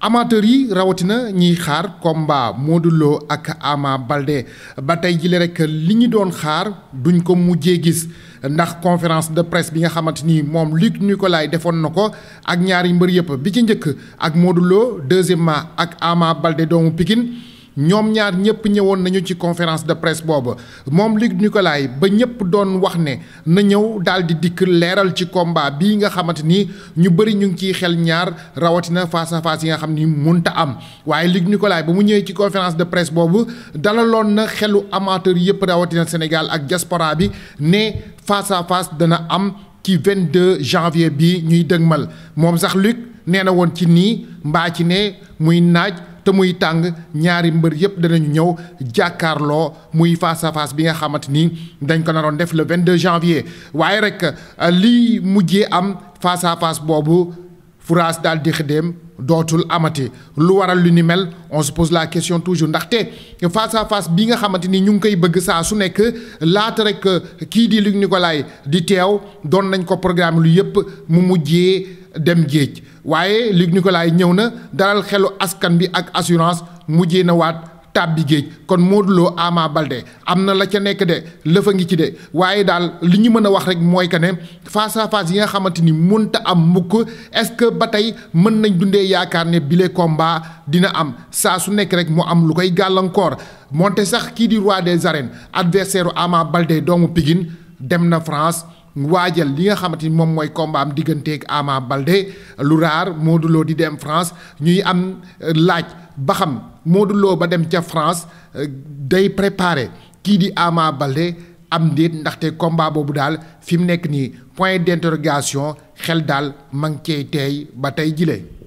amateurs yi rawatina ñiy xaar combat Modou Lo ak Ama balde ba tey jile rek li ñu doon xaar duñ ko mujjee gis ndax conférence de presse bi nga xamante ni moom li ñu ko Nicolaï defoon na ko ak ñaari mbër yëpp bi ci njëkk ak Modou Lo deuxièmement ak Ama balde doomu Pikine ñoom ñaar ñëpp ñëwoon nañu ci conférence de presse boobu moom Luc Nicolaï ba ñëpp doon wax ne na ñëw daal di dikk leeral ci combat bii nga xamante ni ñu bëri ñu ngi ciy xel ñaar rawatina face à yi nga xam ni munta am waaye Luc Nicolaï ba mu ñëwee ci conférence de presse boobu dalaloon na xelu amateur yëpp rawatina Sénégal ak diaspora bi ne face à face dana am ci 22 janvier bi ñuy dëgmal moom sax Luc nee na woon ci nii mbaa ci ne muy naaj te muy tàng ñaari mbër yëpp danañu ñëw jàkkaarloo muy face à bi nga xamante ni dañ ko naroon def le 22 janvier waaye rek lii mujjee am face à boobu. fourage daal di xëddeem dootul amati lu waral lu ni mel on se pose la question toujours ndaxte face à face bi nga xamante ni ñu ngi koy bëgg saa su nekk laata rek euh, kii di Luc Nicolaï di teew doon nañ ko programme lu yëpp mu mujjee dem géej waaye Luc Nicolaï ñëw na daral xelu askan bi ak assurance mujjee na waat. tàbbi géej kon Modou Lo Ama Baldé am na la ca nekk de a ngi ci de waaye daal li ñu mën a wax rek mooy que ne face à face yi nga xamante ni mënta am mukk est-ce que ba tey mën nañ dundee yaakaar ne bile combat dina am saa su nekk rek mu am lu koy gàllankoor moonte sax kii di roi des arènes adversaire Ama Baldé doomu Pikine dem na France waajal li nga xamante ni moom mooy combat am digganteeg balde lu raar Modou Lo di dem France ñuy am euh, laaj ba Modou Lo ba dem ca France euh, day préparer kii di Ama Baldé am déet ndaxte combat boobu daal fi mu nekk nii point d'interrogation xel daal ma ngi cay teey ba tey jile.